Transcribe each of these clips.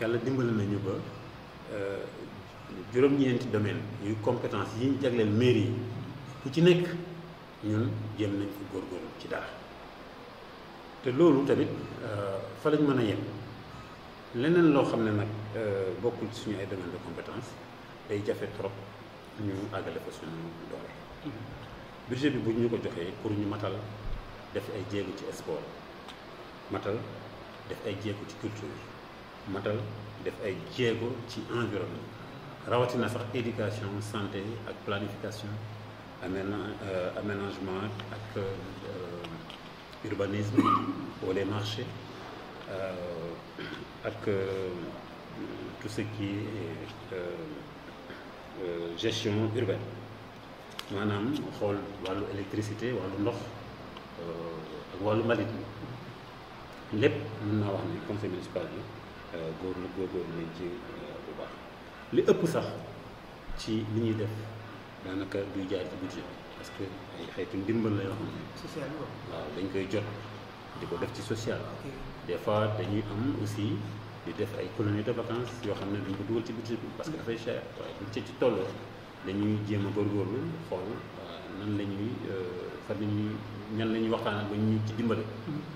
yàlla dimbali nañu ba euh, juróom-ñeenti domaine yu compétences yi ñu jagleel mairie yi ku ci nekk ñun jéem nañ ko góorgóorlu ci dara te loolu tamit euh, fa lañ mën a yem leneen loo xam ne nag euh, bokkul ci suñu ay domaine de compétence day jafe trop ñu àggale fa suñu doole budget bi bu ñu ko joxee pour ñu matal def ay jéego ci sport matal def ay jéego ci culture matal def ay jéego ci environnement na sax éducation santé ak planification euh, aménagement ak euh, urbanisme marchés, marché euh, ak tout ce qui est gestion urbaine manam xool walu électricité wàllu ndox ak walu mbalit lepp lépp mën naa wax ni conseil municipal Euh, góor na góorgóorlu nañ ci euh, bu baax li ëpp sax ci li ñuy def daanaka duy jaar ci budget parce que ay xeetu ndimbal la yoo xam ne social waaw dañ koy jot di ko def ci social des fois dañuy am aussi di def ay colonie de vacances yoo xam ne dañ ko dugal ci budget bi parce que dafay cher waaye buñ ci tolloo dañuy jéem a góorgóorlu xool euh, nan la ñuy fan la ñuy ñan la ñuy waxtaan ak ba ñu ci dimbale mm-hmm.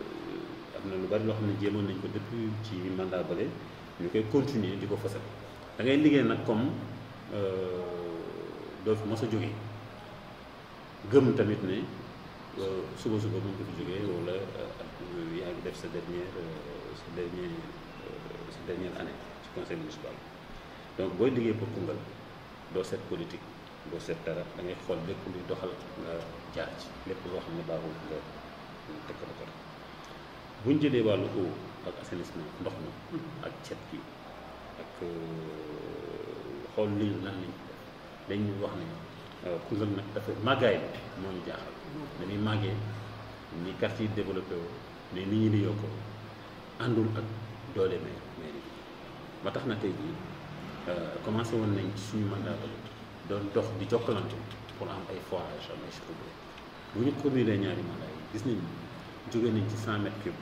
am na lu bari loo xam ne jéemoon nañ ko depuis ci mandat bële ñu koy continuer diko ko da ngay liggéey nak comme euh, doo fi mos a jógee gëm tamit ne euh, suba suba mën ko fi jógee wala euh, yaa ngi def sa dernière sa dernier sa dernière année ci conseil municipal donc boy liggéey pour Koungheul do set politique do set dara da ngay xol lépp luy doxal nga jaar ci lépp loo xam baaxul nga teg ko buñ ñu jëlee wàllu eau ak assainissement ndox mi ak cet gi ak euh, xool lii nan lañ ko def dañ wax ne euh, Koungheul nag dafa màggaay bi moo ñu jaaxal dañuy màggee ni quartier yi développé woo mais ni ñu di yokkoo àndul ak doole maire maire bi ba tax na tey jii euh, commencé woon nañ ci suñu mandat doon dox di jokkalante pour am ay forage am ay château d'eau bu ñu cumulé ñaari mandat yi gis nañ jóge nañ ci 100 mètres cube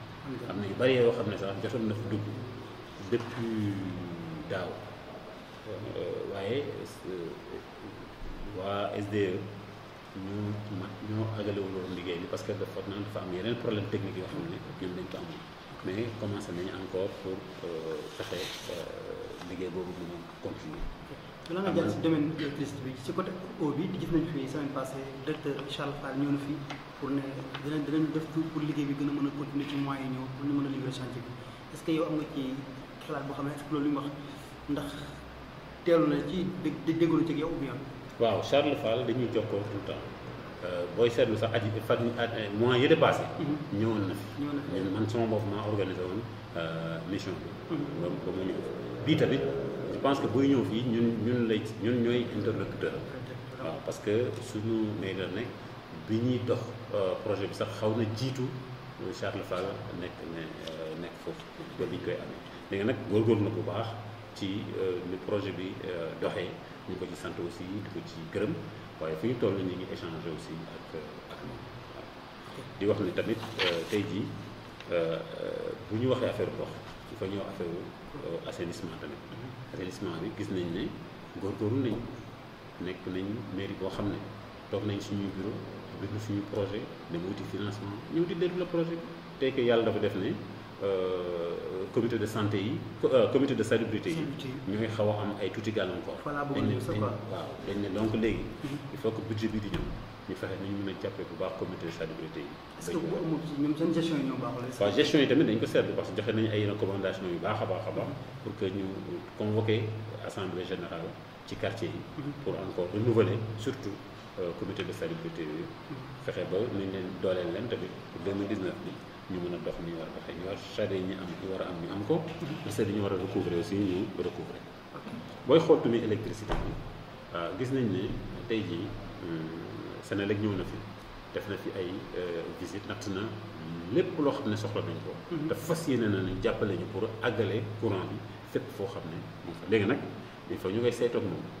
am na yu bari yoo xam ne sax jotoon na fi dugg depuis daaw euh, waaye waa SDE ñoo ma ñoo agale woon liggéey bi parce que dafa naan dafa am yeneen problème technique yoo xam ne ñoom dañ ko amoon mais commencé nañu encore pour euh, fexe euh, liggéey boobu mën a continuer. am na nga jàll si domaine électricité bi si côté eau bi gis nañ fi semaine passée directeur Charles Fall ñëw na fi pour ne dinañ dinañ def tout pour liggéey bi gën a mën a continuer ci mois yi ñëw pour ñu mën a liggéey chantier bi est-ce que yow am nga ci xalaat boo xam ne est-ce que loolu wax ndax teelu na ci dé déggoon ci yow ou bien. waaw Charles Fall dañuy jokkoo tout le temps euh, booy seetlu sax at yi fan euh, mois yële passé. Mm-hmm. ñëwoon na fi. ñëwoon na fi man sama bopp maa organisé woon euh, mission bi. Mm-hmm. ba ba mu ñëw bii tamit je pense que buy ñëw fii ñun ñun lay ñun ñooy interlocuteur. waaw parce que suñu may la nekk. bi ñuy dox euh, projet bi sax xaw na jiitu Charles Fall nekk ne euh, nekk foofu bi ñu koy amee léegi nag góorgóorlu na bu baax ci euh, ni projet bi doxee ñu ko ci sant aussi di ko ci gërëm waaye fi ñu toll ñu ngi échangé aussi ak ak moom di wax ni tamit tey jii bu ñu waxee affaire ndox dafa ñëw affaire assainissement tamit mhm. assainissement bi gis nañ ne góorgóorlu nañ nekk nañ mairie boo xam ne toog nañ suñuy bureau def na suñu projet dama wuti financement ñëw di déglu le projet bi tey que yàlla dafa def ne euh, comité de santé yi euh, comité de salubrité yi ñooy xaw a am ay tuuti gàllankoor dañ ne waaw dañ ne donc léegi mhm. il faut que budget bi di ñëw ñu fexe nañu mën a jàppee bu baax comité de salubrité yi est ce que waaw gestion yi tamit dañ ko seetlu parce que joxe nañ ay recommandation yu baax a baax a baax pour que ñu convoquer assemblée générale ci quartier yi mhm. pour encore renouveler surtout Euh, comité de salubrité yooyu fexe ba ñu leen dooleel leen bi pour 2019 bi ñu mën a dox ni ñu war a doxee ñu war charette yi ñu am ñu war a am ñu am ko. recette yi ñu war a recouvrer aussi ñu recouvrer booy xool tamit électricité bi ah, gis nañ ne tey jii hmm, Senelec ñëw na fi def na fi ay euh, visite natt na lépp loo xam ne soxla nañ ko. Mm-hmm. te fas yi ne na ne jàppale ñu pour àggale courant bi fépp foo xam ne moom fa léegi nag il faut ñu koy saytoog moom.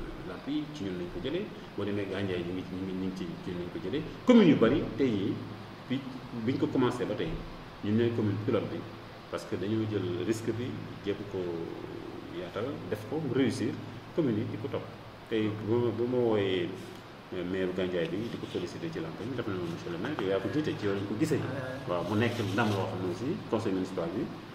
bi ci ñun lañ ko jëlee boo demee gànjaay ñi ngi ñi ngi ci ci lañ ko jëlee commune yu bëri tey yi bi biñ ko commencé ba tey ñun ñooy commune pilote bi parce que dañoo jël risque bi jëpp ko yaatal def ko réussir commune yi di ko topp tey bu ma wooyee maire Gandiaye bi di ko félicité ci lamp ñu def na monsieur le maire yow yaa ko jiite ci yow ko gisee ah. waaw mu nekk ndam loo xam ne aussi conseil municipal bi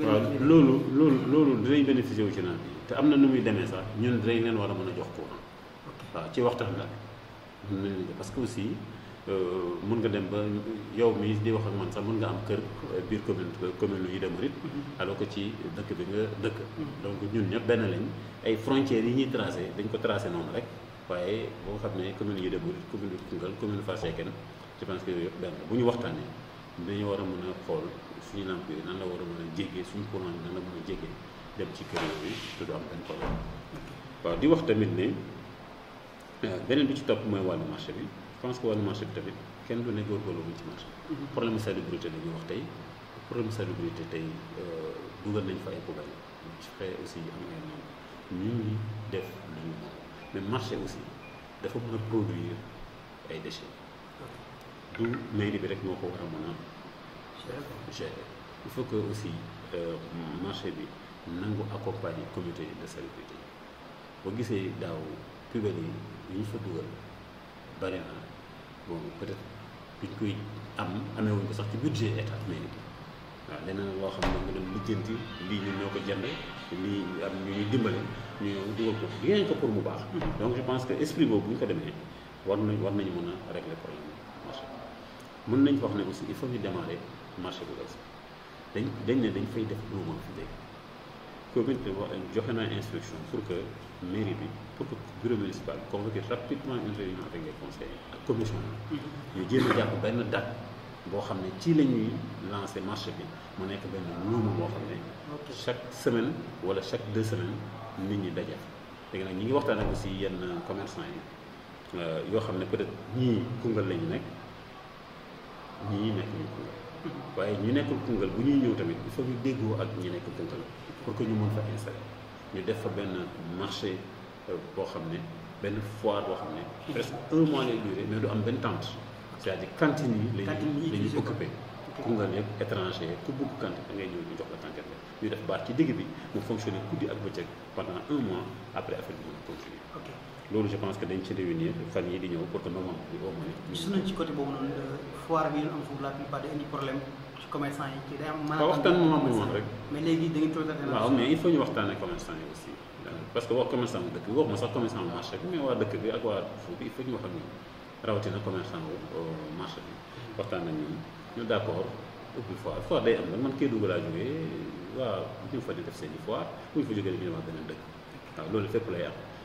waaw loolu loolu loolu dinañ bénéficié wu ci naan bi te am na nu muy demee sax ñun dinañ leen war a mën a jox courant waaw ci waxtaan la parce que aussi euh, mën nga dem ba yow mi di wax ak man sax mun nga am kër euh, biir commune euh, commune yu dem rit alors que ci dëkk bi nga dëkk mhm. donc ñun ñëpp benn lañ ay frontières yi ñuy tracé dañ ko trase noonu rek waaye boo xam ne commune yu dem rit commune Koungheul commune Fass Cekkeen je pense que yooyu yëpp benn bu ñu dañu war a mën a xool suñu lamp yi nan la war a mën a jégee suñu courant yi nan la mën a jégee dem ci kër yooyu te du am benn problème waaw di wax tamit ne euh, beneen bi ci topp mooy wàllu marché bi je pense que wàllu marché bi tamit kenn du ne góorgóorlu ci marché mhm. problème salubrité la wax tey problème salubrité tey euh, dugal nañ fa ay poubelle su aussi am ay noonu ñu ngi def lu ñu mais marché aussi dafa mën a produire ay déchets tout mairie bi rek moo ko war a mën a gérer il faut que aussi euh, marché bi nangu accompagner comité de salubrité boo gisee daaw poubelle yi yu ñu fa dugal bari na bon peut-être biñ koy am amee wuñ ko sax ci budget état mairie bi waaw leneen loo xam ne mu dem lijjanti lii ñun ñoo ko jënd lii am ñu ñu dimbale ñu dugal ko rien que pour mu baax mm-hmm. donc je pense que esprit boobu bu ñu ko demee war nañ war nañu mën a régler problème mën nañ wax ne aussi il faut ñu démarrer marché bu bees dañ dañ ne dañ fay def doomam fi léegi commune bi wax joxe naa instruction pour que mairie bi pour que bureau municipal convoque rapidement une réunion avec les conseillers ak commission mm-hmm. ñu jéem a jàpp benn date boo xam ne ci la ñuy lancé marché bi mu nekk benn luuma boo xam ne chaque semaine wala chaque deux semaines nit ñi daje léegi nag ñi ngi waxtaan ak aussi yenn commerçants yi euh, yoo xam ne peut-être ñii kungal la ñu nekk ñii nekk ñu Koungheul waaye ñu nekkul kungal bu ñuy ñëw tamit il faut ñu déggoo ak ñu nekk Koungheul pour que ñu mën fa installé ñu def fa benn marché euh, boo xam ne benn foire boo xam ne presque un mois lay duré mais du am benn tente c'est-à-dire cantine yi lañuy la ñuy occupé Koungheul yëpp étranger ku bugg cantine da ngay ñëw ñu jox la cantine ñu def baat ci digg bi mu fonctionner guddi ak bëccëg pendant un mois après affaire bi mën a continuer je pense que dañ ci réunir fan yi pour que au moins. gis ci côté boobu noonu foire bi am foofu la indi problème ci commerçant yi ci day mais mais il faut ñu waxtaan aussi. parce que wax commerçant dëkk bi Nous sax commerçant mais waa dëkk bi ak waa foofu bi il faut ñu wax ak ñoom rawatina commerçant euh, marché bi waxtaan ak ñu d' accord ubbi foire foire day am nag man Nous laa waa ñu fa di def seen i foire bu ñu fa jógee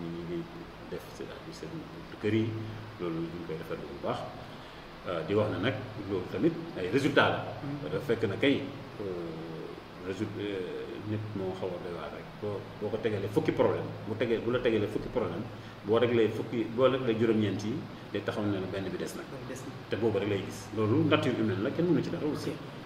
ñu ngi ñu ngi def c'est-à-dire seen kër yi loolu ñu ngi koy rafetlu bu baax euh, di wax na nag loolu tamit ay résultat la dafa mm-hmm. fekk na kay euh, résultat nit euh, moo xaw a doy waar rek boo boo ko tegalee fukki problème bu tegee bu la tegalee fukki problème boo réglé fukki boo réglé juróom-ñeent yi day taxaw ne la benn bi des nag te boobu rek lay gis loolu nature humaine la kenn mënu ci dara aussi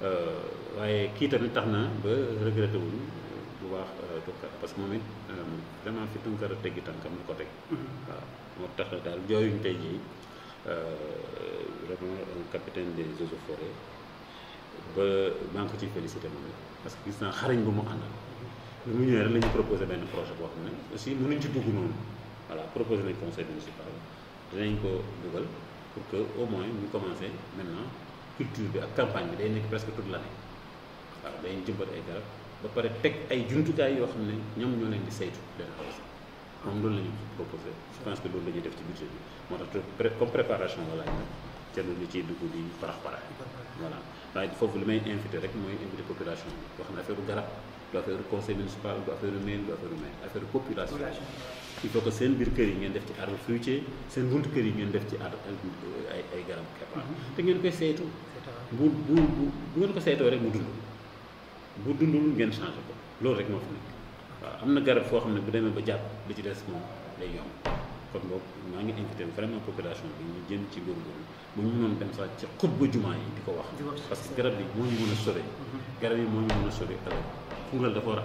Euh, waaye kii tamit tax na ba regretté wuñ euh, bu baax euh, Tounkara parce que moom it vraiment fi Tounkara teggi tànkam la ko teg mm-hmm. waaw moo tax daal jooyuñ tey jii vraiment un capitaine des eaux et ba maa ngi ko ciy félicité moom parce que gis naa xarañ bu mu àndal lu mu ñëwee rek la ñu proposé benn projet boo xam ne aussi mënuñ ci dugg noonu voilà proposé nañ conseil municipal dinañ ko dugal pour que au moins ñu commencé maintenant culture bi ak campagne bi day nekk presque toute l'année waaw day jëmbat ay garab ba pare teg ay jumtukaay yoo xam ne ñoom ñoo leen di saytu leen xaw si moom loolu la ñu proposé je pense que loolu la ñuy def ci budget bi moo tax comme préparation la laaj nag te loolu li ciy dugg di parax parax voilà waaye foofu li may invité rek mooy invité population bi wax na affaire garab du affaire conseil municipal du affaire maire du affaire maire affaire population il faut que seen biir kër yi ngeen def ci arbre fruitier seen buntu kër yi ngeen def ci arbre ay ay garab keppaar mm-hmm. te ngeen koy saytu bu bu bu ngeen ko saytoo rek mu dund bu dundul ngeen changé ko loolu rek moo fi nekk waaw am na garab foo xam ne bu demee ba jàpp li ci des moom day yomb kon boog maa ngi invité vraiment population bi ñu jëm ci góorgóorlu bu ñu mënoon dem sax ci xut ba jumaa yi di ko wax parce que garab yi moo ñu mën a sauver mm-hmm. garab yi moo ñu mën a sauver avec Koungheul dafa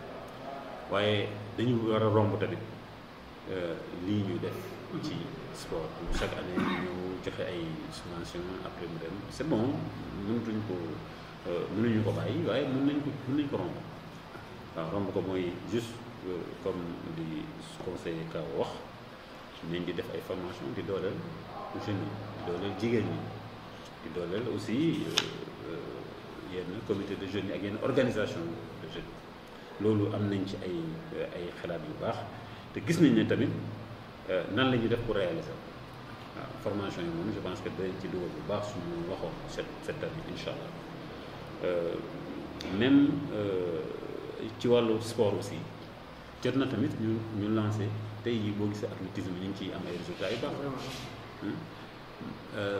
waaye dañu war a romb tamit nous euh, ñuy def ci sport chaque année ñu joxe ay subvention après c'est bon nous ko euh, ko bàyyi nañ ko juste euh, comme di conseiller wax nous def ay di di aussi comité de jeunes ak organisation loolu am nañ ci ay ay xalaat yu baax te gis nañ ne tamit euh, nan la ñuy def pour réaliser formation yi moom je pense que dañ ci dugal bu baax suñu waxoon cette cette année incha allah euh, même euh, ci wàllu sport aussi jot na tamit ñu ñu lancer tey yi boo gisee athlétisme ñu ngi ciy am ay résultats yu baax. Hmm?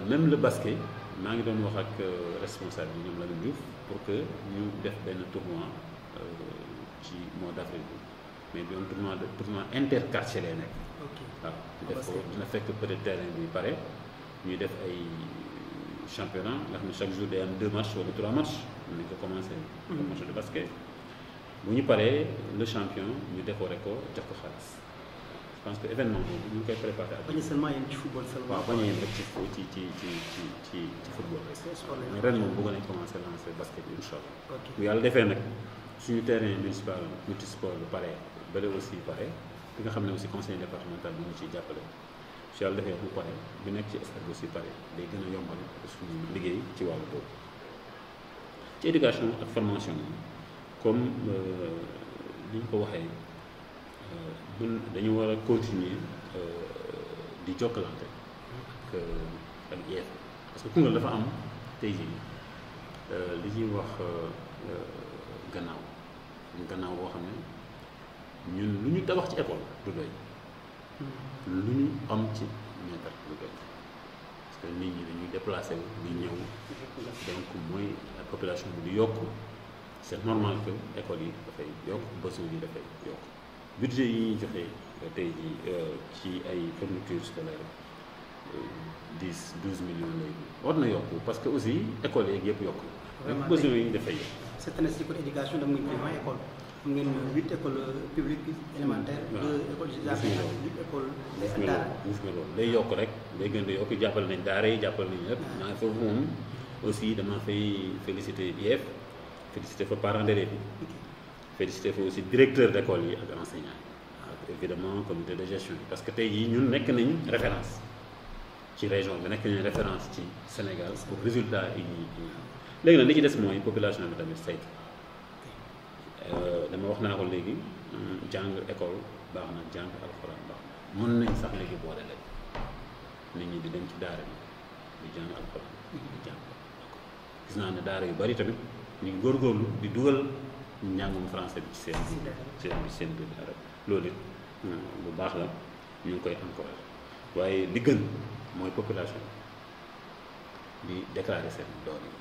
même le basket maa ngi doon wax ak responsable yi ñoom la Diouf pour que ñu def benn tournoi ci mois d' mais bi am tournoi de tournoi interquartier lay nekk. waaw ñu ah, def ko dina fekk peut être terrain bi paré ñu def ay championnat nga xam chaque jour day am deux matchs ou trois matchs mën nañu ko commencé. Mm-hmm. match de basket bu ñu paré le champion ñu décorer ko jox ko xaalis. je pense que événement boobu ñu ngi koy préparé ak. ñu seulement yem ci football seulement. waaw bañ a yem rek ci ci ci ci ci ci football. ren moom bëgg nañ commencer lancer basket bi incha allah. bu yalla défé nak suñu terrain municipal multisport bu pare bële aussi pare bi nga xam ne aussi conseil départemental bi ñu ci jàppale su yàlla defee bu pare bi nekk ci stade aussi pare day gën a yombal suñu liggéey ci wàllu boobu ci éducation ak formation comme euh, ni ñu ko waxee euh, mun dañu war a continuer euh, di jokkalante ak ak IEF parce que Koungheul dafa am tey jii li ñuy wax gannaaw gannaaw boo xam ne ñun lu ñu tabax ci école du doy lu ñu am ci mètre du doy parce que nit ñi dañuy déplacé wu di ñëw donc mooy la population bi di yokk c'est normal que école yi dafay yokk besoin yi dafay yokk budget yi ñuy joxe tey jii euh, ci ay fourniture scolaire euh, dix douze millions lay war na yokk parce que aussi école yeeg yëpp yokk donc besoin yi dafay yokk cette année ci côté éducation def nañu fi 20 écoles am ngeen 8 écoles euh, publiques élémentaires. waaw 2 écoles jardinières 8 écoles. des daara day yokk rek day gën di yokk jàppale nañ daara yi jàppale nañ ñep naa foofu moom aussi dama fay félicité IEF félicité fa parents d'élèves yi félicité fa aussi directeur d'école yi ak enseignants évidemment comité de gestion parce que tay yi ñun nek nañ référence ci région bi nek nañ référence ci Sénégal pour résultat yi ñuy léegi nag li ci des mooy population bi tamit saytu dama wax naa ko léegi jàng école baax na jàng alxuraan baax mën nañ sax léegi boole lañ nit ñi di dem ci daara bi di jàng alxuraan di naa ne daara yu bari tamit ñu ngi góorgóorlu di dugal njàngum français bi ci seen biir seen biir arab loolu it hmm, baax la ñu ngi koy encouragé waaye li gën mooy population bi di déclarer seen doole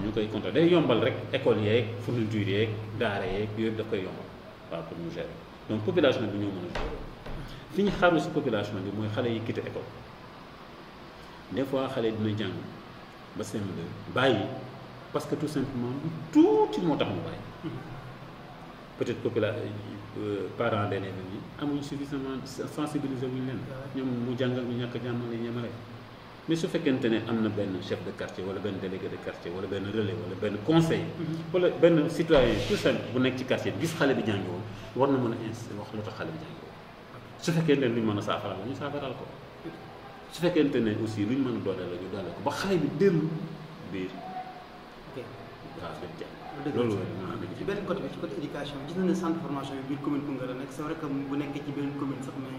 ñu koy compter day yombal rek école yeeg fourniture yeeg daara yeeg yooyu daf koy yombal waaw pour ñu gérer donc population bi ñoo mën a gérer fi ñu xaaru si population bi mooy xale yi quitté école des fois xale dina jàng ba seen bàyyi parce que tout simplement tout tuuti moo tax mu bàyyi peut-être population euh, parents d'élèves yi amuñ suffisamment sensibiliser wuñ leen ñoom mu jàng ak mu ñàkk jàmm ñemale mais su fekkente ne am na benn chef de quartier wala benn délégué de quartier wala benn relais wala benn conseil mhm. wala benn citoyen tout simple bu nekk ci quartier gis xale bi jàngi woon war na mën a insister wax lu tax xale bi jàngi woon su fekkente ne lu ñu mën a saafaraal la ñu saafaraal ko su fekkente ne aussi lu ñu mën a dooleel la ñu dooleel ko ba xale bi dellu biir waaw dem jàng loolu ci benn côté bi ci côté éducation gis na ne centre formation bi biir commune Koungheul la nekk c'est vrai que bu nekkee ci benn commune sax mais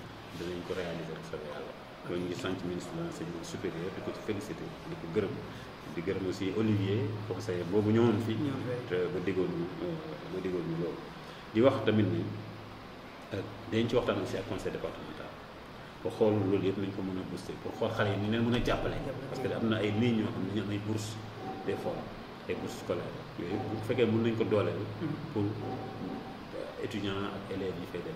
danañ ko réaliser bu soobee yàlla loolu ñu ngi sant ministre de l'enseignement supérieur di ko ci félicité di ko gërëm di gërëm aussi Olivier conseiller boobu ñëwoon fi. te ba déggoon ñu ba déggoon ñu loolu di wax tamit ni euh, dañ ci waxtaan aussi ak conseil départemental pour xool loolu yëpp nañ ko mën a booster pour xool xale yi ni leen mën a jàppale parce que am na ay lignes ñoo xam ne am ay bourse des fois ay bourse scolaire yooyu bu fekkee mën nañ ko dooleel hmm. pour euh, étudiants ak élèves yi fay dem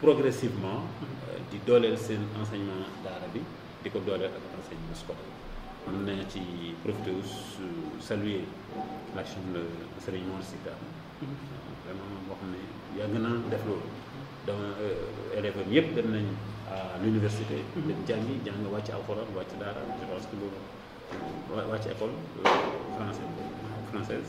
progressivement euh, di doler sen enseignement daara bi di ko dooleel ak enseignement scolaire mën na ci profité saluer l'action de Serigne Mor Sy vraiment wax ni ne yàgg def loolu donc euh, élèves yépp yëpp dem nañ à l'université dem jangi jang wàcc alcorane wàcc daara je pense que loolu wàcc école euh, française française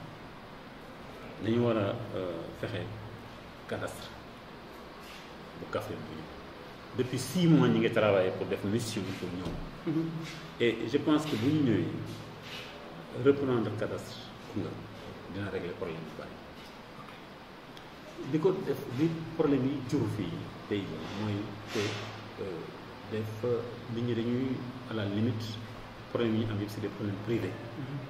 dañu war a euh, fexe cadastre bu Kaffrine bu depuis six mois ñu ngi travailler pour def mission pour ñoom mm-hmm. et je pense que bu ñu ñëwee reprendre cadastre Koungheul dina régler problème bu bari li ko def li problème yi jur fii tey mooy que euh, def nit ñi dañuy à la limite problème yi am yëpp c'est des problèmes privés mm-hmm.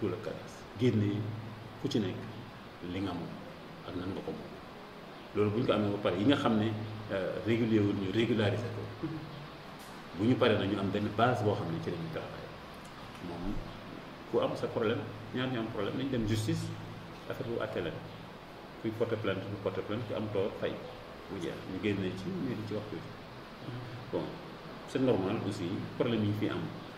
tout le cadastre génne ku ci nekk li nga moom ak nan nga ko moom loolu bu ñu ko amee ba pare yi nga xam ne euh, régulier wul ñu régulariser ko bu ñu paree na ñu am benn base boo xam ne ci la ñuy travail moom ku am sa problème ñaar ñu am problème nañ dem justice affaire bu àtte la kuy porter plainte bu porter plainte ku am tort fay mu jeex ñu génne ci ñu ci wax tuuti bon c'est normal aussi problème yi fi am.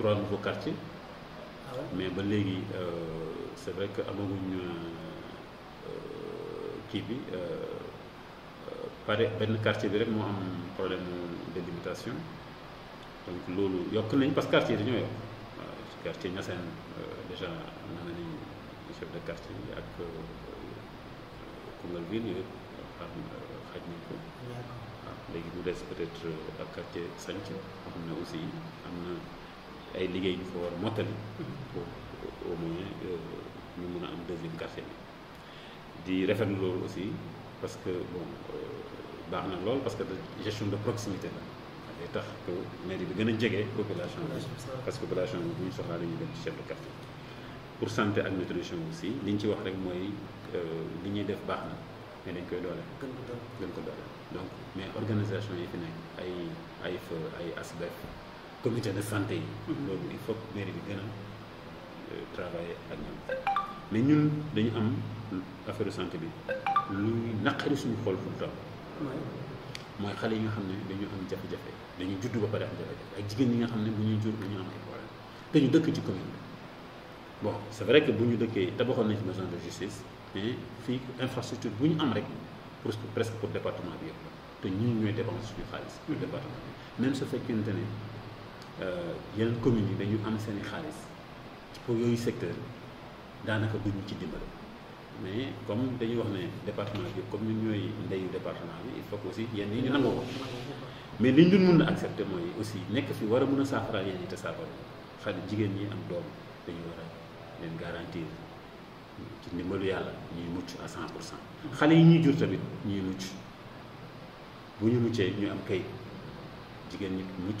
pour un nouveau quartier, ah mais ba léegi c' euh, c'est vrai que amaguñ euh, kii bi euh, pare benn quartier bi rek moo am problème de délimitation donc loolu yokk nañ parce que quartier dañoo quartier Niassène déjà mën nañu chef de quartier yi ak Koungheul ville yooyu xam xaj nañ ko waaw léegi mu des peut-être ak quartier Santhie xam ne aussi am na ay liggéey ñu fa war a pour au moins euh, ñu mun a am deuxième quartier bi di rafetlu loolu aussi parce que bon euh, baax na lool parce que gestion de proximité la day tax que mairie bi gën a jege population bi parce que population bi bu ñu soxlaa dañuy dem ci chef de quartier pour santé ak nutrition aussi liñ ci wax rek mooy euh, li ñuy def baax na mais dañ koy doole gën ko doole donc mais organisation yi fi nekk ay ay ay ASBEF comité de santé donc il faut que mairie bi gën euh, travailler ak ñoom mais ñun dañu am affaire de santé bi lu naqari suñu xol fu le moy xalé yi nga xamné dañu am jafe-jafe dañu judd ba paré am jafe ak jigéen yi nga xamné bu ñuy jur ñu am ay problème té ñu dëkk ci commune bon c'est vrai que bu ñu dëkkee tabaxoon nañ ci maison de justice mais fi infrastructure bu ñu am rek presque pour département bi yëpp ñi ñoy ñun ñooy dépense suñu xaalis pour mm-hmm. département même même fait fekkente ne Euh, yeneen commune yi dañu am seen i xaalis ci pour yooyu secteur daanaka duñu ci dimbale mais comme dañuy wax ne département bi comme ñun ñooy ndeyu département bi il faut que aussi yenn yi ñu nangoo ko mais lu ñu dul mun a accepter mooy aussi nekk fi war a mun a saafaraal yenn yi te saafara xale jigéen ñi am doom dañu war a leen garantir ci ndimbalu yàlla xale yi ñuy jur tamit ñuy mucc bu ñu muccee ñu am kayit jigéen ñi mucc.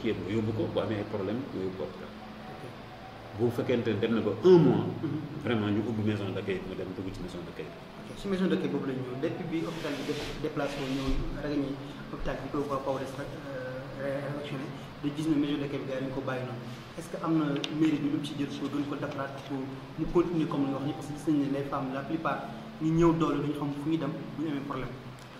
kii nga yóbbu ko bu amee problème nga yóbbu ko hôpital bu fekkente dem na ba un mois mhm. vraiment ñu ubbi maison d'accueil mu dem dugg ci maison d'accueil ci maison d'accueil boobu la ñëw depuis bi hôpital bi def déplacement ñëw Regagny hôpital bi ko waa PAWRES euh, réactionné da gis na maison d'accueil bi gars yi ñu ko bàyyi noonu est-ce que am na mairie bi lu ci jël soo gën ko defaraat pour mu continuer comme li wax ni parce que gis nañ ne les femmes la plupart ñu ñëw doole duñu xam fu ñu dem bu ñu amee problème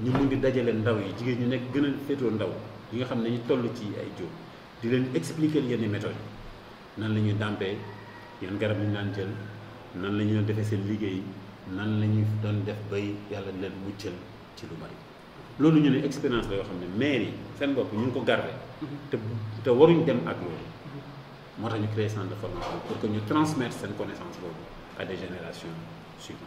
ñu mun di dajale ndaw yi jigéen ñu nekk gën a féetoo ndaw yi nga xam ne ñu toll ci ay joo di leen expliquer yenn méthodes yi nan la ñuy dàmpee yan garab lañu naan jël nan la ñu doon defee seen liggéey nan la ñu doon def bay yàlla leen muccal ci lu bari loolu ñu ne expérience la yoo xam ne maire yi seen bopp ñu ngi ko garder mhm. te te waruñ dem ak loolu moo tax ñu créer centre de formation pour que ñu transmettre seen connaissance boobu à génération générations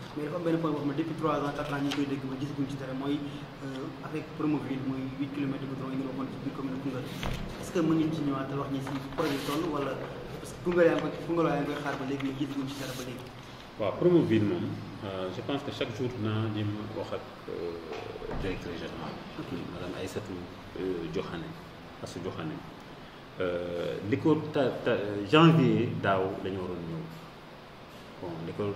mais dafa am benn point boo xam ne depuis 3 ans ñu ngi koy dégg ba gisaguñ ci dara mooy euh, avec Promoville mooy 8 kilomètres goudron yi ngeen waxoon ci biir wax ñu si projet wala koy koy xaar ba léegi mais gisaguñ ci dara ba léegi. waaw Promoville moom euh, je pense que chaque jour na jéem a wax ak euh, directeur général madame Aïssatou Diokhane Assou Diokhane li ko ta ta janvier daaw dañu waroon ñëw bon li ko.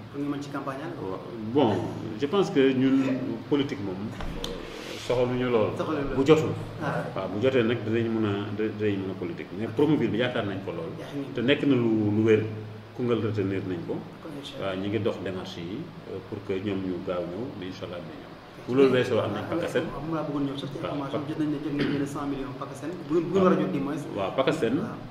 pour ñu mën ci campagne bon je pense que ñun politique moom soxaluñu loolu. lool bu jotul. waaw bu jotee nag dinañ mun a dinañ mën a politique mais promobile bi yaakaar nañ ko lool. te nekk na lu lu wér Koungheul retenir nañ ko. waaw ñu ngi dox démarche yi pour que ñoom ñu gaaw ñëw mais incha allah dinañ ñëw. bu loolu weesoo am nañ Pakasen waaw waaw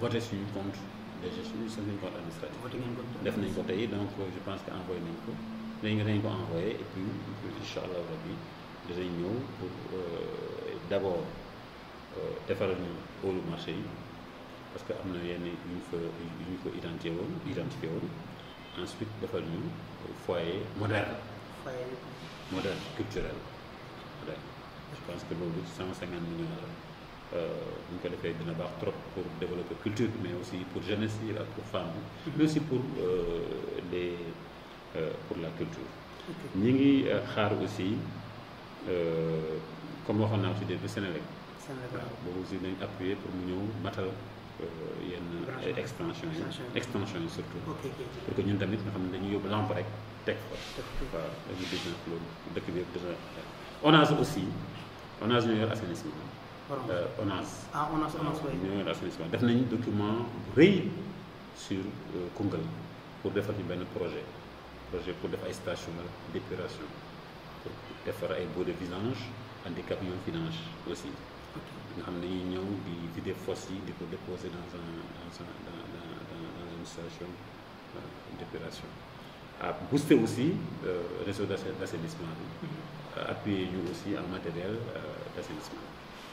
voté suñu compte DG suñu suñu compte administratif. voté ngeen ko def nañ ko tay donc euh, je pense que envoyer nañ ko léegi dañ ko envoyer et puis incha allah rabbi dinañ ñëw pour euh, d' abord euh, defaral ñu óolu marché yi parce que am na yenn yu ñu fa yu ñu ko identifié woon identifié woon ensuite defal ñu foyer moderne. foyer moderne culturel. je pense que loolu 150 millions la. Euh, bu donc ko defee dina baax trop pour développer culture mais aussi pour jeunesse et pour femme mais aussi pour euh, les euh, pour la culture ñi ngi xaar aussi comme on a tuddee des Sénégal waaw boobu aussi nañ appuyer pour mu ñëw il yenn a une extension yi surtout pour que ñun tamit nga xam ne dañuy yóbbu lamp rek teg fa waaw On a dëkk bi aussi onage ñoo yor assainissement euh, ONAS. ah ONAS ONAS oui. document bu rëy sur euh, Koungheul pour faire un projet projet pour faire une station d'épuration pour faire un beau de vidange andi camion vidange aussi. nga xam ne dañuy ñëw vider fosse yi ko déposer dans un dans un dans dans une station euh, d'épuration. à booster aussi le réseau d'assainissement mm-hmm. appuyer aussi en matériel d'assainissement.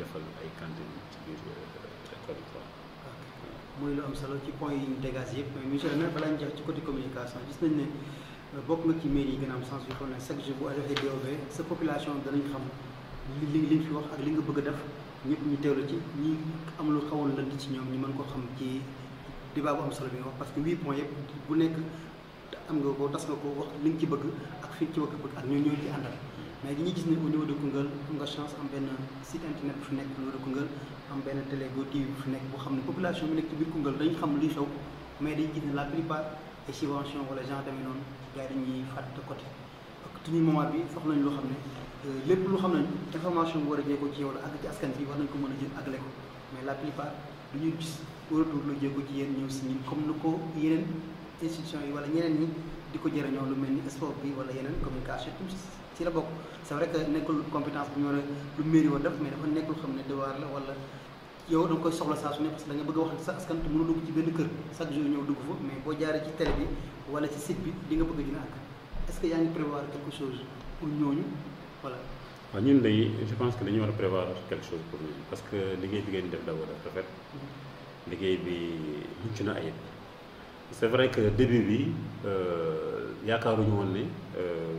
defal ay cantine ci biir euh, école bi quoi. muy lu am solo ci point yi ñu dégagé yëpp mais monsieur le maire balaa ñu ci côté communication gis nañ ne. Euh, bokk na ci mairie yi gën a am sens bi kon nag chaque jour bu adressé DOV sa population danañ xam li li li fi wax ak li nga bëgg a def ñëpp ñu teewlu ci ñi am lu xawoon lënd ci ñoom ñu mën ko xam ci débat bu am solo bi wax parce que huit points yëpp bu nekk am nga ko tas nga ko wax li nga ci bëgg ak fi ci bëgg ak ñoo ñoo ci àndal. mais ñu gis ne au niveau de Koungheul am nga chance am benn site internet bu fi nekk au niveau de Koungheul am benn télé Go TV bu fi nekk boo xam ne population bi nekk ci biir Koungheul dañu xam luy xew mais dañuy gis ne la plupart ay subvention wala genre demee noonu gars yi dañuy fàtte de côté ak tuñu moment loo xam ne euh, lépp lu xam ne information bu war a jee ko ci wala ak askan bi war nañ ko mën a jël àggale ko mais la plupart du ñu gis au retour la jéego ci yéen ñëw si ñun comme ni ko yeneen institution yi wala ñeneen ñi di ko jëriñoo lu mel ni sport bi wala yeneen communication tout ci la bokk c'est vrai que nekul compétence bu ñu war lu mairie wa def mais dafa nekul xamné ne devoir la wala yow da nga koy soxla sa su ne parce que da nga bëgg a wax sa askan mënu dugg ci benn kër chaque jour ñeu dugg fa mais bo jaaree ci télé bi wala ci site bi li nga bëgg dina ak est-ce que yaa ngi prévoir quelque chose pour ñooñu wala waaw ñun day je pense que dañu war a prévoir quelque chose pour ñun parce que liggéey bi ngeen def d'abord dafa rafet liggéey bi mucc na ayib c'est vrai que début bi euh yaakaaruñu woon ne euh,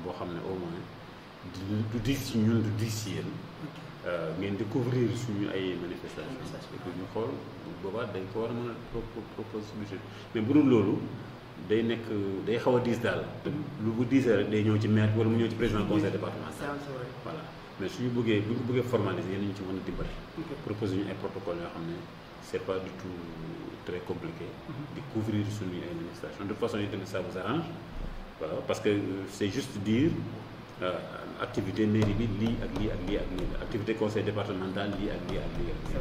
boo xam au moins du diis si ñun du diis si yéen euh, ngeen découvrir suñu ay manifestations et puis ñu xool boobaa dañ ko war a mën a propose solution mais bu dul loolu day nek day xaw a diis lu bu diisee rek day ñëw ci maire wala mu ñëw ci président conseil départemental voilà mais suñu bëggee bu ñu bëggee formaliser yéen ñu ci mëna a proposer ñu ay protocole yo xamné c'est pas du tout très compliqué mm-hmm. di couvrir suñu ay manifestations de façon yi ça vous arrange parce que euh, c'est juste dire euh, activité mairie li, ak lii ak ak activité conseil départemental lii ak lii ak lii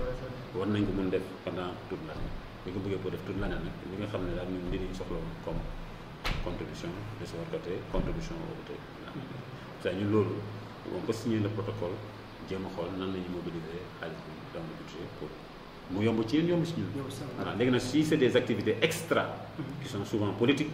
war nañ ko def pendant toute l'année ñu ko vous ko def toute l'année nak li nga xam ne daal ñun comme contribution de ce côté contribution au côté c'est ñu loolu on peut signer le protocole jéem a xool nan la mobiliser xaalis dans le budget pour mu yomb ci yéen yomb si ñun léegi si c'est des activités extra qui sont souvent politiques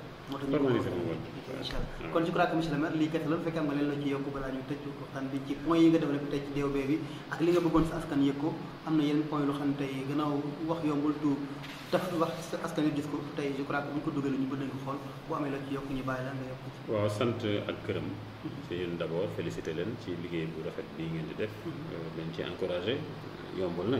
moo tax ñu kon je crois que monsieur le maire lii kese la bu fekkee am nga leen la ci yokk balaa ñu tëj waxtaan bi ci point yi bi ak li nga bëggoon sa askan yëg ko am na yeneen point lu xam ne tey gannaaw wax yombul du daf wax sa askan yu gis ko tey je crois que bu ñu ko dugalee ñu bëgg nañ xool bu amee la ci yokk ñu bàyyi la nga yokk waaw sant ak gërëm mhm. te yéen d'abord félicité leen ci liggéey bu rafet bi ngeen di def leen mhm. euh, ci encouragé yombul na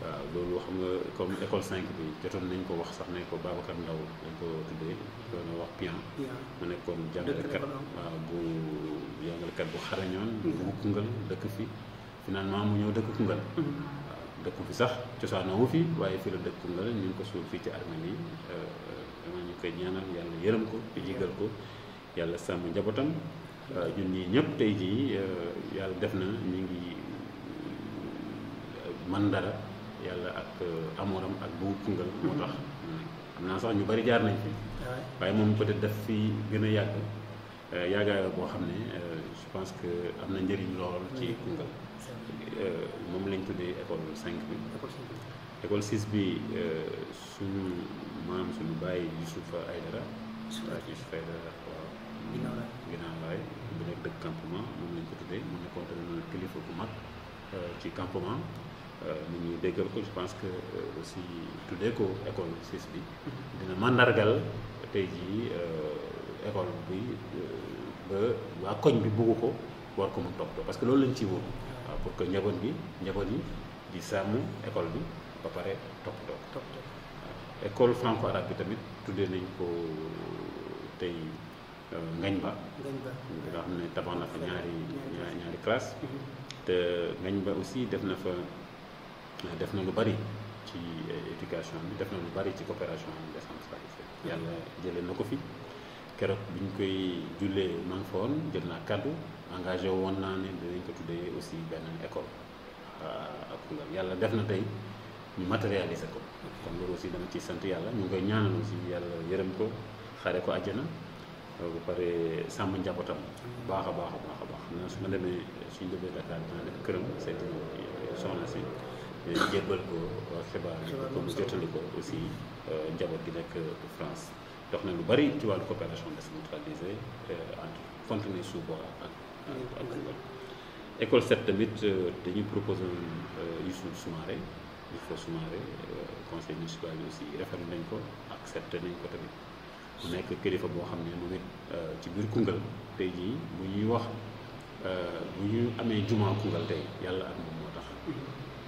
waaw loolu xam nga comme école cinq bi jotoon nañ ko wax sax ne ko Babacar Ndaw lañ ko tuddee doon wax pian mu nekkoon jàngalekat waaw bu jàngalekat bu xarañoon bu Koungheul dëkk fi finalement mu ñëw dëkk Koungheul hmm. fi sax cosaanoowu fi waaye fi la dëkk Koungheul ñu ngi ko suul fii ci arménie euh, euh, dama ñu koy ñaanal yàlla yërëm ko jigal ko yàlla sàmm njabootam euh, ñun ñii ñëpp tey jii yàlla def na ñu ngi man dara yàlla ak euh, amooram ak bëggu Koungheul moo mm-hmm. tax xam naa sax ñu bari jaar nañ fi waaye moom peut-être daf fi gën a yàgg euh, yàggaay boo xam ne euh, je pense que am na njëriñ lool ci mm-hmm. Koungheul moom lañ tuddee école cinq bi école six bi suñu maam suñu bàyyi Youssoufa Aydara Youssoufa dara waaw ginnaaw laay bu nekk dëkk campement moom lañ ko tuddee mu nekkoon tamit kilifa bu mag ci campement nit ñi déggal ko je pense que euh, aussi tuddee ko école sis bi dina màndargal tey jii euh, école bi euh, ba waa koñ bi bugg ko war ko mun toppatoo parce que loolu lañ ci wóor waaw pour que njaboot bi njaboot yi di sàmm école bi ba pare toppatoo ko waaw école franco arabe bi tamit tuddee nañ ko tey ngañ ba nga xam ne tabax na fa ñaari ñaari classe mm-hmm. te ngañ ba aussi def na fa def na lu bari ci eh, éducation bi def na lu bari ci coopération décentralisée yàlla jëlee na ko fi keroog bi ñu koy jullee maa ngi fa jël naa kàddu engagé woon naa ne dinañ ko tuddee aussi benn école ah, ak Koungheul yàlla def na tey ñu matérialiser ko kon loolu aussi dama ciy sant yàlla ñu ngi koy ñaanal aussi yàlla yërëm ko xare ko àjjana ba pare sàmm njabootam baax a baax a baax a baax na su ma demee suñ demee Dakar dina def këram seeti soxna si Euh, jébbal ko euh, xibaar yi ko mu jotali ko aussi euh, njaboot gi nekk France dox na lu bari ci wàllu coopération décentralisée entre Fontenay-sous-Bois ak ak Koungheul mm-hmm. école 7 tamit dañuy proposé Youssou Soumaré Youssou Soumaré conseil municipal aussi référé nañ ko accepté nañ ko tamit mu nekk kilifa boo xam ne moom it ci biir Koungheul tey jii bu ñuy wax bu ñu amee jumaa Koungheul tey yàlla ak moom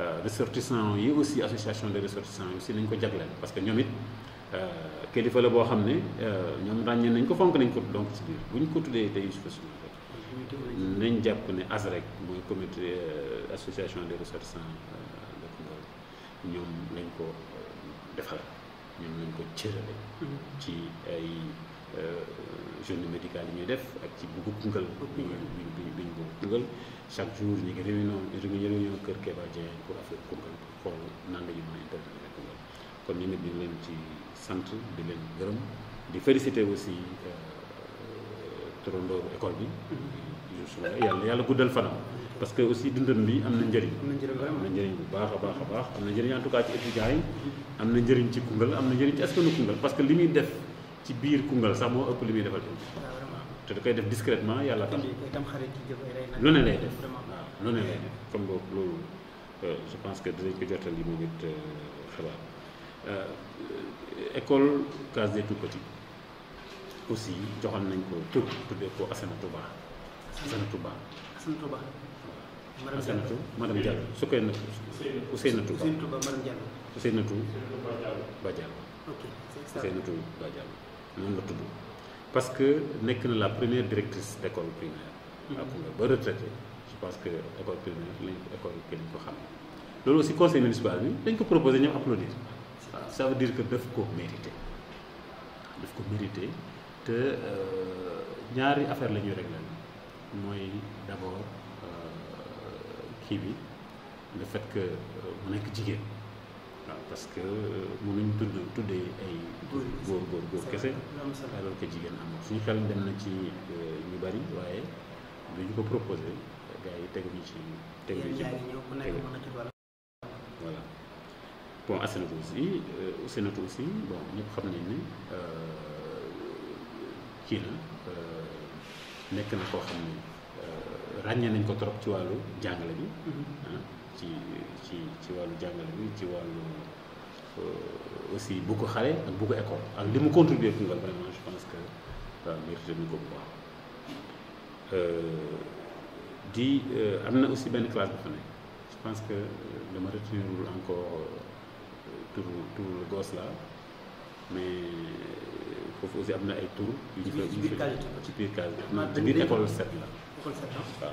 Euh, ressortissants yi aussi association des ressortissants yi aussi nañ ko jagleel parce que ñomit euh kelifa la bo xamné ne euh, ñoom ràññee nañ ko fonk nañ ko donc ci biir bu ñu ko tuddee day Youssoupha Soumane rek nañ jàpp ne ASREC mooy comité euh, association des ressortissants de Koungheul ñoom lañ ko defal ñoom lañ ko cërale mm-hmm. ci ay journée euh, médicale yi ñuy def ak ci bu ko gungal bi ñu bi ñu bëgg chaque jour ñu ngi réunion réunion kër Keba Dieng pour affaire gungal pour xool nan ñu mën a intervenir ak kon ñu ngi leen ci sant di leen gërëm di féliciter aussi euh, turandoo école bi mm-hmm. yàlla yàlla guddal fanam parce que aussi dundam bi am na njëriñ am na njëriñ bu baax a baax a baax am na njëriñ en tout cas ci étudiants yi am na njëriñ ci Koungheul am na njëriñ ci askanu Koungheul parce que li muy def ci biir Koungheul sax moo ëpp li muy defal te da def discrètement yàlla tax lu ne lay def lu ne lay def comme boobu loolu euh, je pense que dinañ ko jotal yi moom it xabaar euh, école case des tout-petits aussi joxoon nañ ko tur tuddee ko Asana Touba Asana Touba Asana Touba Asana Touba su koy natu Ousseynou Touba Ousseynou Touba madame Diallo Ousseynou Touba Ba Diallo parce que nekk na la première directrice d'école primaire. à mm-hmm. ba retraité je pense que école primaire lañ ko école ki lañ aussi xam loolu conseil municipal il a ko proposé d'applaudir. ça veut dire que daf ko mérité daf ko mérité te euh, ñaari affaire la Nous réglé d'abord d' euh, abord le fait que on euh, est jigéen. waaw parce que mënuñ tudd tuddee ay góor góor góor kese alors que jigéen amul suñu xel dem na ci euh, ñu bari waaye du ñu ko proposé gars yi teguñu ci teguñu ci voilà bon Assenatou aussi euh, Assenatou aussi bon ñëpp xam nañ ne euh, kii na nekk na koo xam ne ràññee nañ ko trop ci wàllu jàngale bi mm-hmm. ah. ci ci ci wàllu jàngale bi ci walu euh, aussi bu ko xale ak bu ko école ak li mu contribuer Koungheul vraiment je pense que waaw mérité ñu ko bu baax euh, di euh, amna aussi ben classe bu fa ne je pense que le ma retenirul encore tur tur gosse là mais foofu aussi amna ay tour yu ci biir case ci biir case ci biir école 7 là école 7 la hein?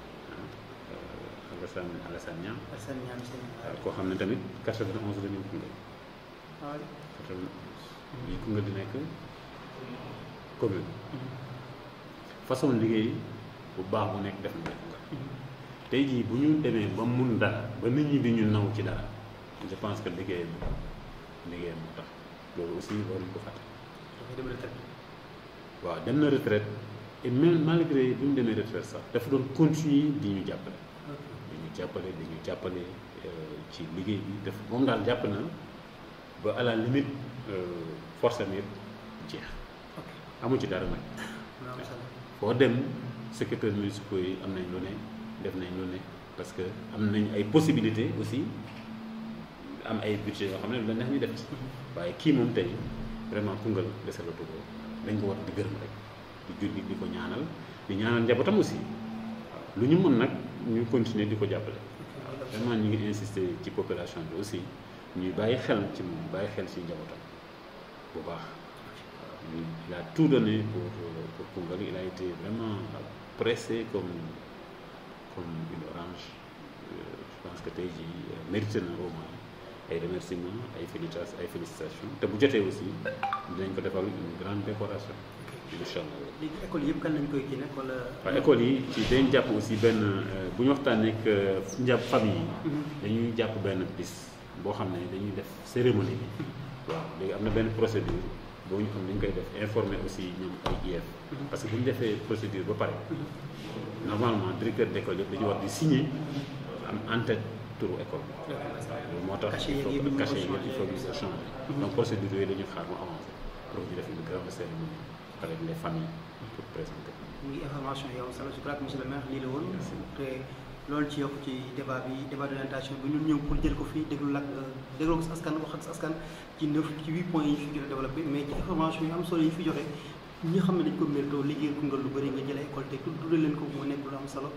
Alassane Alassane Niang. waaw koo xam ne tamit 91 la ñu Koungheul. waaw 91. lii Koungheul di nekk commune. Mm-hmm. façon liggéey bu baax bu nekk def na ko. Mm-hmm. tey bu ñu demee ba mun dara ba nit ñi di ñu naw ci dara je pense que liggéeyam liggéeyam moo tax loolu aussi waruñ ko fàtte. dafay dem retraite. waaw dem na retraite et même malgré bi mu demee retraite sax dafa doon continuer di ñu jàppale. jàppale dañu jàppale euh, ci liggéey bi def moom daal jàpp na ba à la limite euh, force amir jeex amu ci dara nag foo dem secrétaire municipal yi am nañ lu ne def nañ lu ne parce que am nañ ay possibilités aussi am ay budget yoo xam ne lu neex ñu def ci mhm. waaye kii moom tey vraiment Koungheul desalatu ko dañ ko war di gërëm rek di jur gi di ko ñaanal di ñaanal njabootam aussi lu ñu mën nag Nous continuer de ko vraiment ñu ngi insister ci population aussi nous bàyyi xel ci moom bàyyi xel ci njabootam bu baax il a tout donné pour pour Koungheul il a été vraiment pressé comme comme une orange euh, je pense que tey jii euh, mérité na et ay remerciements ay félicitations ay félicitations te bu jotee aussi dinañ ko fait une grande décoration incha allah. léegi école yëpp kan lañ koy kii nag école yi ci dañ jàpp aussi ben euh, buñ ñu waxtaanee ñap euh, famille mhm. dañuy japp ben bis bo xamné dañuy def cérémonie bi. Mhm. waaw léegi amna ben procédure boo ñu xam dañ koy def informer aussi ñoom ay IEF. Mhm. parce que buñ défé procédure ba paré normalement directeur d'école dañuy wax di signer am en tête turu école bi. moo tax cachet yi il faut que ñu changé donc procédure yi dañuy xaar mu avancé pour di def une grande cérémonie. avec les familles pour présenter. mu ngi information yow sala je crois que monsieur le maire lii la woon. te loolu ci yokk ci débat bi débat d'orientation bi ñun ñëw pour jël ko fii déglu la dégloo ko sa askan wax ak sa askan ci neuf ci huit points yi fi jot a développé mais ci information yu am solo yi fi joxe ñi xam ne dañ ko méritoo liggéey Koungheul lu bëri nga jëlee école te tuddee leen ko moo nekk lu am solo.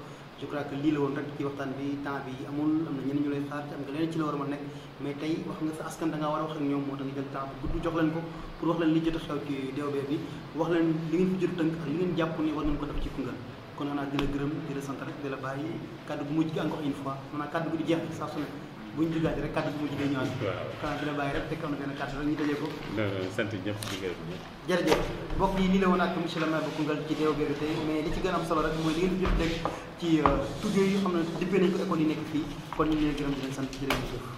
je que lii la woon rek ci waxtaan bi temps bi amul am na ñeneen ñu lay xaar te am nga leneen ci la war a nekk mais tey wax nga sa askan da war a wax ak ñoom moo tax nga jël temps bu gudd jox leen ko pour wax leen li jot a xew ci DOB bi wax leen li ngeen fi jot tënk ak li ngeen jàpp ni war nañ ko def ci Koungheul kon xanaa di la gërëm di la sant rek bàyyi kàddu bu mujj gi encore une fois maanaam kàddu gi di jeex saa su bu ñu duggaat rek kàddu gi mujj day ñëwaat. waaw xanaa di la bàyyi rek fekk am na ne kàddu rek ñu dajee ko. non non sant ñëpp di yi nii la woon ak monsieur le maire bu Koungheul ci teew bi tey mais li ci gën a am solo rek mooy li ngeen jot rek ci euh, studio yi xam ne dippee nañ ko école yi nekk fii kon ñu ngi leen gërëm di leen sant jërëjëf